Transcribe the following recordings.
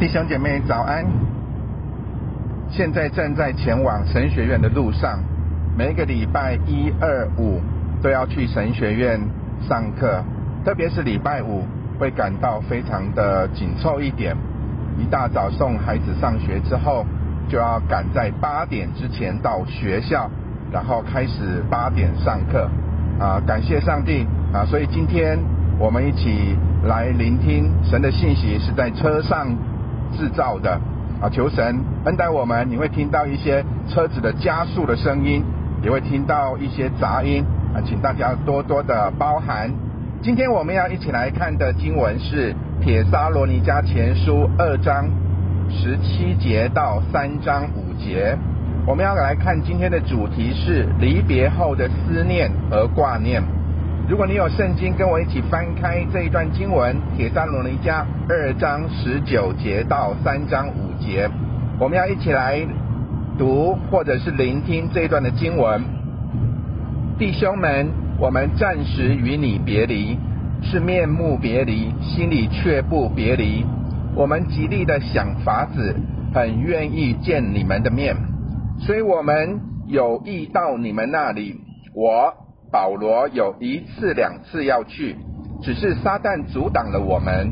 弟兄姐妹早安！現在正在前往神學院的路上。每個禮拜一二五都要去神學院上課，特別是禮拜五會感到非常的緊湊一點。一大早送孩子上學之後，就要趕在八點之前到學校，然後開始八點上課。啊，感謝上帝啊！所以今天我們一起來聆聽神的信息，是在車上。製造的啊，求神恩待我們，你會聽到一些車子的加速的聲音，也會聽到一些雜音啊，請大家多多的包涵。今天我們要一起來看的經文是《帖撒羅尼迦前書》二章十七節到三章五節。我們要來看今天的主題是離別後的思念和掛念。如果你有聖經，跟我一起翻開這一段經文，《帖撒羅尼迦前書》二章十九節到三章五節，我們要一起來讀或者是聆聽這一段的經文。弟兄們，我們暫時與你別離，是面目別離，心裡卻不別離。我們極力的想法子，很願意見你們的面，所以我們有意到你們那裡。我。保羅有一次、兩次要去，只是撒旦阻擋了我們。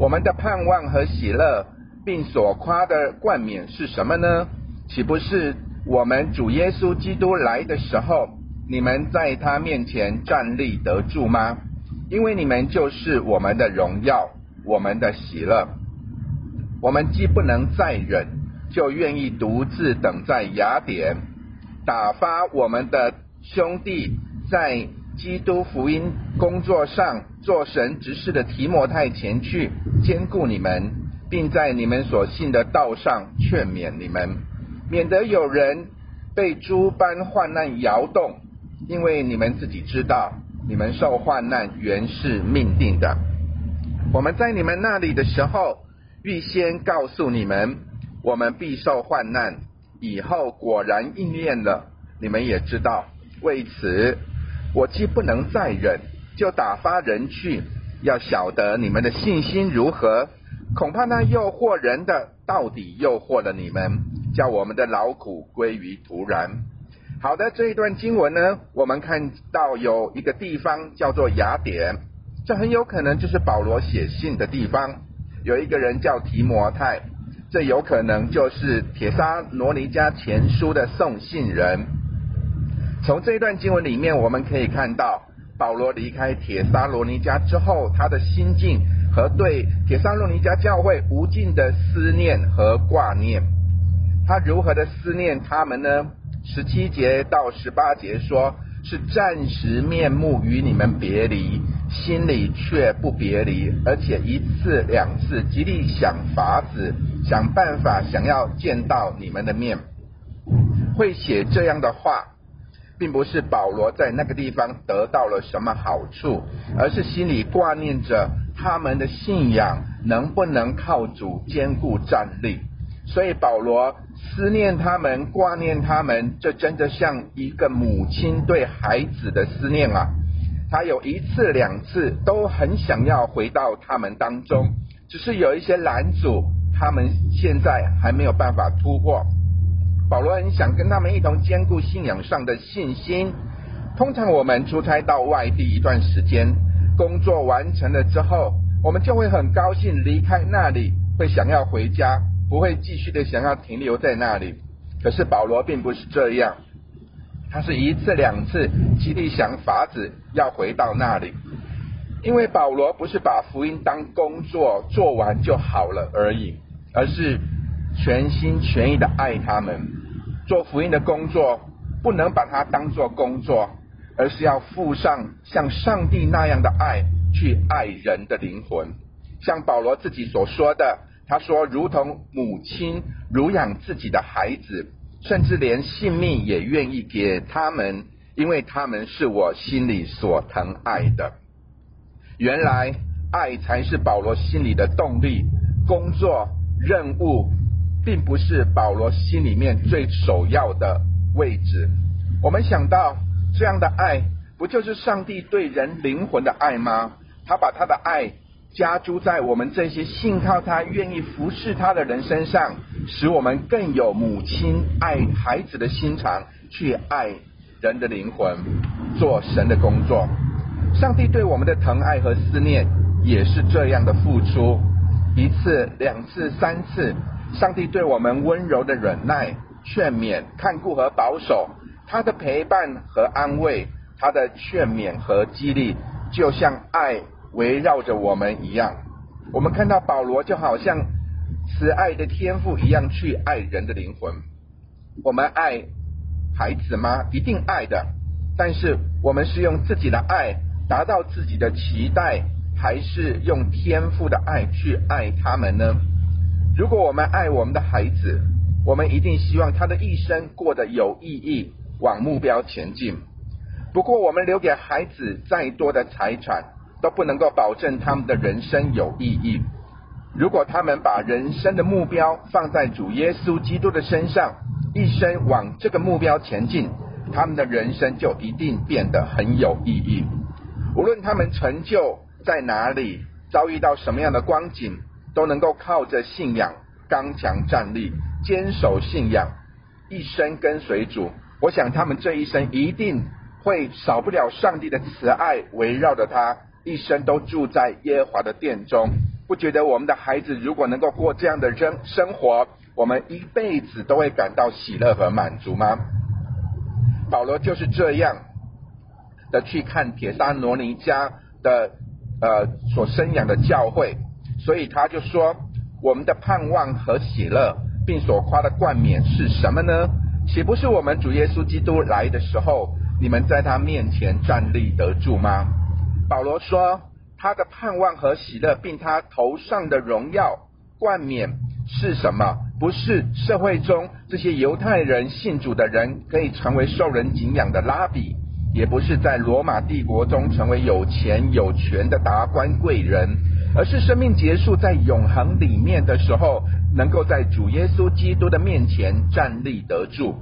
我們的盼望和喜樂，並所誇的冠冕是什麼呢？豈不是我們主耶穌基督來的時候，你們在他面前站立得住嗎？因為你們就是我們的榮耀，我們的喜樂。我們既不能再忍，就願意獨自等在雅典，打發我們的兄弟。在基督福音工作上做神執事的提摩太前去堅固你們，並在你們所信的道上勸勉你們，免得有人被諸般患難搖動，因為你們自己知道，你們受患難原是命定的。我們在你們那裡的時候，預先告訴你們，我們必受患難，以後果然應驗了，你們也知道。為此。我既不能再忍，就打發人去，要曉得你們的信心如何。恐怕那誘惑人的，到底誘惑了你們，叫我們的勞苦歸於徒然。好的，這一段經文呢，我們看到有一個地方叫做雅典，這很有可能就是保羅寫信的地方。有一個人叫提摩太，這有可能就是帖撒羅尼迦前書的送信人。從這一段經文裡面，我們可以看到保羅離開帖撒羅尼迦之後，他的心境和對帖撒羅尼迦教會無盡的思念和掛念。他如何的思念他們呢？十七節到十八節說：“是暫時面目與你們別離，心裡卻不別離，而且一次兩次極力想法子、想辦法，想要見到你們的面。”會寫這樣的話。並不是保羅在那個地方得到了什麼好處，而是心裡掛念着他們的信仰能不能靠主堅固站立。所以保羅思念他們、掛念他們，這真的像一個母親對孩子的思念啊！他有一次、兩次都很想要回到他們當中，只、就是有一些攔阻，他們現在還沒有辦法突破。保羅很想跟他們一同堅固信仰上的信心。通常我們出差到外地一段時間，工作完成了之後，我們就會很高興離開那裡，會想要回家，不會繼續的想要停留在那裡。可是保羅並不是這樣，他是一次兩次極力想法子要回到那裡，因為保羅不是把福音當工作做完就好了而已，而是全心全意的愛他們。做福音的工作，不能把它當作工作，而是要附上像上帝那樣的愛去愛人的靈魂。像保羅自己所說的，他說：“如同母親乳養自己的孩子，甚至連性命也願意給他們，因為他們是我心裡所疼愛的。”原來愛才是保羅心裡的動力、工作任務。並不是保羅心裡面最首要的位置。我們想到這樣的愛，不就是上帝對人靈魂的愛嗎？他把他的愛加諸在我們這些信靠他、願意服侍他的人身上，使我們更有母親愛孩子的心腸去愛人的靈魂，做神的工作。上帝對我們的疼愛和思念也是這樣的付出，一次、兩次、三次。上帝對我們溫柔的忍耐、勸勉、看顧和保守，他的陪伴和安慰，他的勸勉和激勵，就像愛圍繞着我們一樣。我們看到保羅就好像慈愛的天父一樣去愛人的靈魂。我們愛孩子嗎？一定愛的。但是我們是用自己的愛達到自己的期待，還是用天父的愛去愛他們呢？如果我們愛我們的孩子，我們一定希望他的一生過得有意義，往目標前進。不過，我們留給孩子再多的財產，都不能夠保證他們的人生有意義。如果他們把人生的目標放在主耶穌基督的身上，一生往這個目標前進，他們的人生就一定變得很有意義。無論他們成就在哪裡，遭遇到什麼樣的光景。都能夠靠着信仰剛強站立，堅守信仰，一生跟隨主。我想他們這一生一定會少不了上帝的慈愛圍繞着他，一生都住在耶和華的殿中。不覺得我們的孩子如果能夠過這樣的生生活，我們一輩子都會感到喜樂和滿足嗎？保羅就是這樣的去看帖撒羅尼迦的呃所生養的教會。所以他就說，我們的盼望和喜樂，並所誇的冠冕是什麼呢？豈不是我們主耶穌基督來的時候，你們在他面前站立得住嗎？保羅說，他的盼望和喜樂，並他頭上的榮耀冠冕是什麼？不是社會中這些猶太人信主的人可以成為受人敬仰的拉比，也不是在羅馬帝國中成為有錢有權的達官貴人。而是生命結束在永恆裡面的時候，能夠在主耶穌基督的面前站立得住。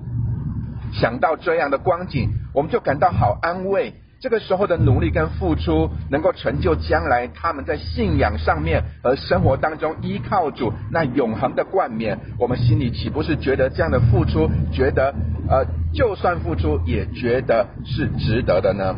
想到這樣的光景，我們就感到好安慰。這個時候的努力跟付出，能夠成就將來他們在信仰上面和生活當中依靠主那永恆的冠冕，我們心裡豈不是覺得這樣的付出，覺得呃，就算付出也覺得是值得的呢？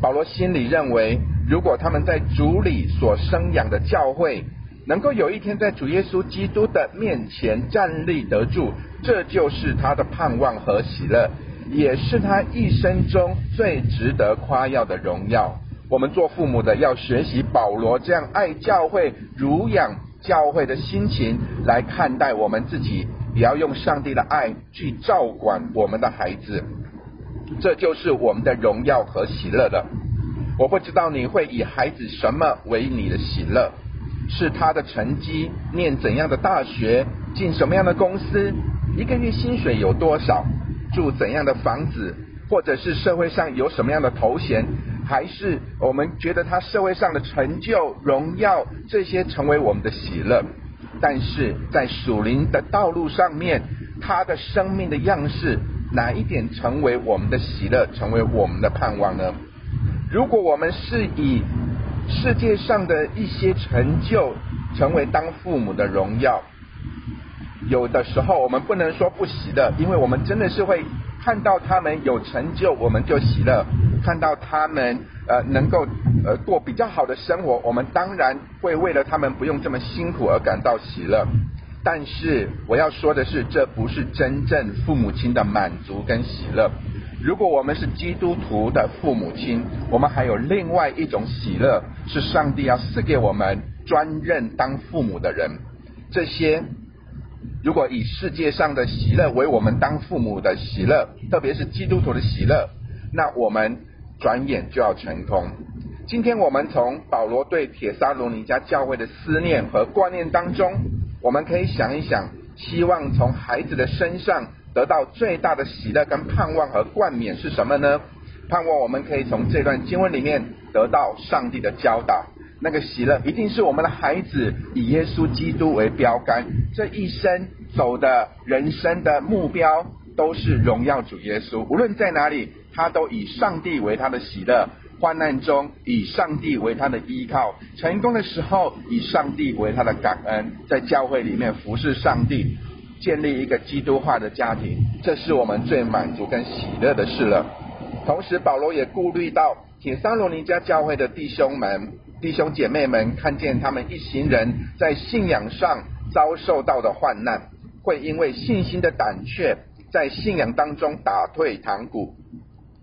保羅心裡認為，如果他們在主裡所生養的教會能夠有一天在主耶穌基督的面前站立得住，這就是他的盼望和喜樂，也是他一生中最值得誇耀的榮耀。我們做父母的要學習保羅這樣愛教會、乳養教會的心情來看待我們自己，也要用上帝的愛去照管我們的孩子。這就是我們的榮耀和喜樂的。我不知道你會以孩子什麼為你的喜樂？是他的成績，念怎樣的大學，進什麼樣的公司，一個月薪水有多少，住怎樣的房子，或者是社會上有什麼樣的頭銜，還是我們覺得他社會上的成就、榮耀這些成為我們的喜樂。但是在屬靈的道路上面，他的生命的樣式。哪一點成為我們的喜樂，成為我們的盼望呢？如果我們是以世界上的一些成就成為當父母的榮耀，有的時候我們不能說不喜樂，因為我們真的是會看到他們有成就，我們就喜樂；看到他們呃能夠呃過比較好的生活，我們當然會為了他們不用這麼辛苦而感到喜樂。但是我要說的是，這不是真正父母親的滿足跟喜樂。如果我們是基督徒的父母親，我們還有另外一種喜樂，是上帝要賜給我們專任當父母的人。這些如果以世界上的喜樂為我們當父母的喜樂，特別是基督徒的喜樂，那我們轉眼就要成功。今天我們從保羅對帖撒羅尼迦教會的思念和掛念當中，我們可以想一想，希望從孩子的身上得到最大的喜樂跟盼望和冠冕是什麼呢？盼望我們可以從這段經文裡面得到上帝的教導，那個喜樂一定是我們的孩子以耶穌基督為標杆，這一生走的人生的目標都是榮耀主耶穌，無論在哪裡，他都以上帝為他的喜樂。患難中以上帝為他的依靠，成功的時候以上帝為他的感恩，在教會裡面服侍上帝，建立一個基督化的家庭，這是我們最滿足跟喜樂的事了。同時，保羅也顧慮到帖撒羅尼迦教會的弟兄們、弟兄姐妹們看見他們一行人在信仰上遭受到的患難，會因為信心的膽怯，在信仰當中打退堂鼓。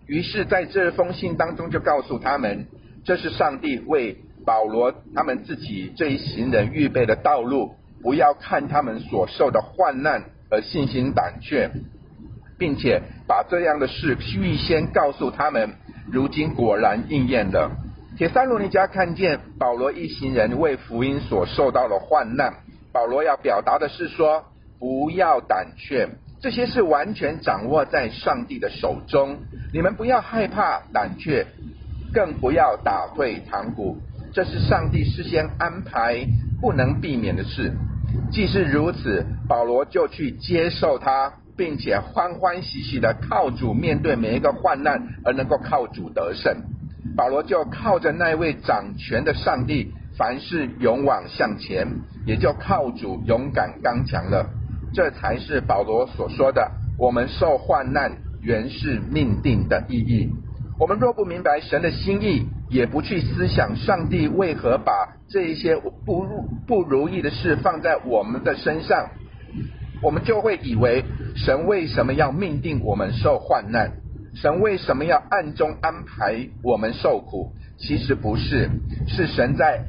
於是，在這封信當中，就告訴他們，這是上帝為保羅他們自己這一行人預備的道路。不要看他們所受的患難而信心膽怯，並且把這樣的事預先告訴他們。如今果然應驗了。帖撒羅尼迦看見保羅一行人為福音所受到的患難，保羅要表達的是說，不要膽怯。這些事完全掌握在上帝的手中，你們不要害怕、膽怯，更不要打退堂鼓。這是上帝事先安排，不能避免的事。既是如此，保羅就去接受它，並且歡歡喜喜的靠主面對每一個患難，而能夠靠主得勝。保羅就靠着那位掌權的上帝，凡事勇往向前，也就靠主勇敢剛強了。這才是保羅所說的“我們受患難原是命定”的意義。我們若不明白神的心意，也不去思想上帝為何把這一些不如不如意的事放在我們的身上，我們就會以為神為什麼要命定我們受患難？神為什麼要暗中安排我們受苦？其實不是，是神在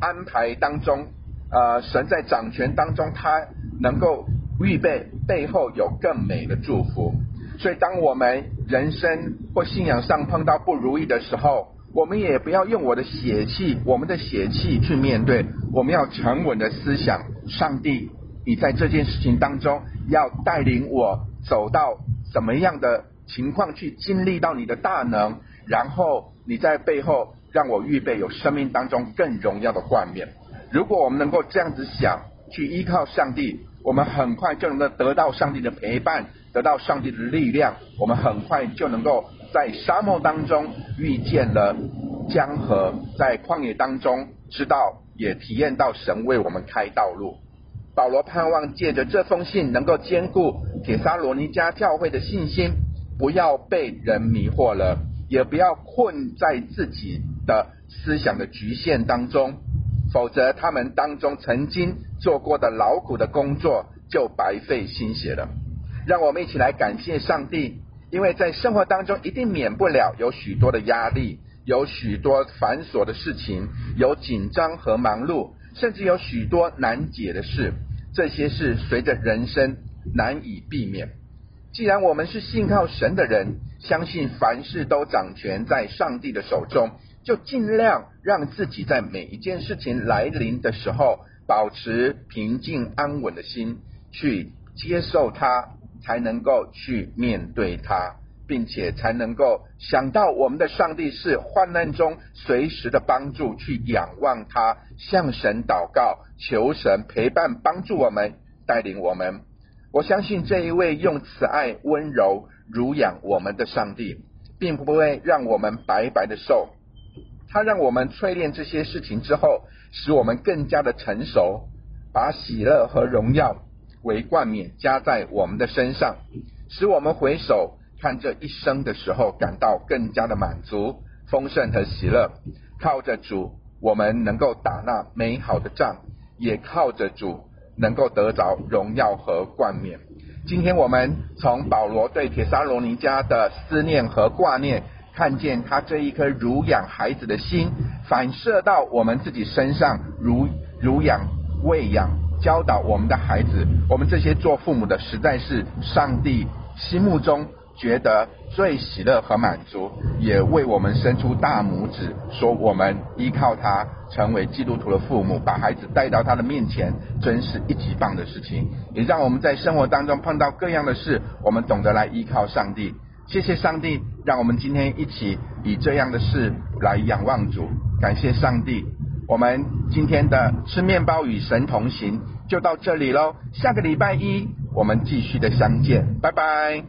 安排當中，呃，神在掌權當中，他能夠。預備背後有更美的祝福，所以當我們人生或信仰上碰到不如意的時候，我們也不要用我的血氣，我們的血氣去面對，我們要沉穩的思想。上帝，你在這件事情當中要帶領我走到什麼樣的情況去經歷到你的大能，然後你在背後讓我預備有生命當中更榮耀的冠冕。如果我們能夠這樣子想，去依靠上帝。我們很快就能夠得到上帝的陪伴，得到上帝的力量。我們很快就能夠在沙漠當中遇見了江河，在曠野當中知道也體驗到神為我們開道路。保羅盼望借着這封信，能夠堅固帖撒羅尼迦教會的信心，不要被人迷惑了，也不要困在自己的思想的局限當中。否則，他們當中曾經做過的勞苦的工作就白費心血了。讓我們一起來感謝上帝，因為在生活當中一定免不了有許多的壓力，有許多繁瑣的事情，有緊張和忙碌，甚至有許多難解的事。這些事隨着人生難以避免。既然我們是信靠神的人，相信凡事都掌權在上帝的手中。就盡量讓自己在每一件事情來臨的時候，保持平靜安穩的心去接受它，才能夠去面對它，並且才能夠想到我們的上帝是患難中隨時的幫助，去仰望他，向神禱告，求神陪伴幫助我們，帶領我們。我相信這一位用慈愛溫柔濡養我們的上帝，並不會讓我們白白的受。他讓我們淬鍊這些事情之後，使我們更加的成熟，把喜樂和榮耀為冠冕加在我們的身上，使我們回首看這一生的時候，感到更加的滿足、豐盛和喜樂。靠着主，我們能夠打那美好的仗，也靠着主能夠得着榮耀和冠冕。今天我們從保羅對帖撒羅尼迦的思念和掛念。看見他這一顆乳養孩子的心，反射到我們自己身上，乳乳養、餵養、教導我們的孩子，我們這些做父母的實在是上帝心目中覺得最喜樂和滿足，也為我們伸出大拇指，說，我們依靠他成為基督徒的父母，把孩子帶到他的面前，真是一級棒的事情。也讓我們在生活當中碰到各樣的事，我們懂得來依靠上帝。謝謝上帝，讓我們今天一起以這樣的事來仰望主。感謝上帝，我們今天的吃麵包與神同行就到這裡嘍。下個禮拜一，我們繼續的相見，拜拜。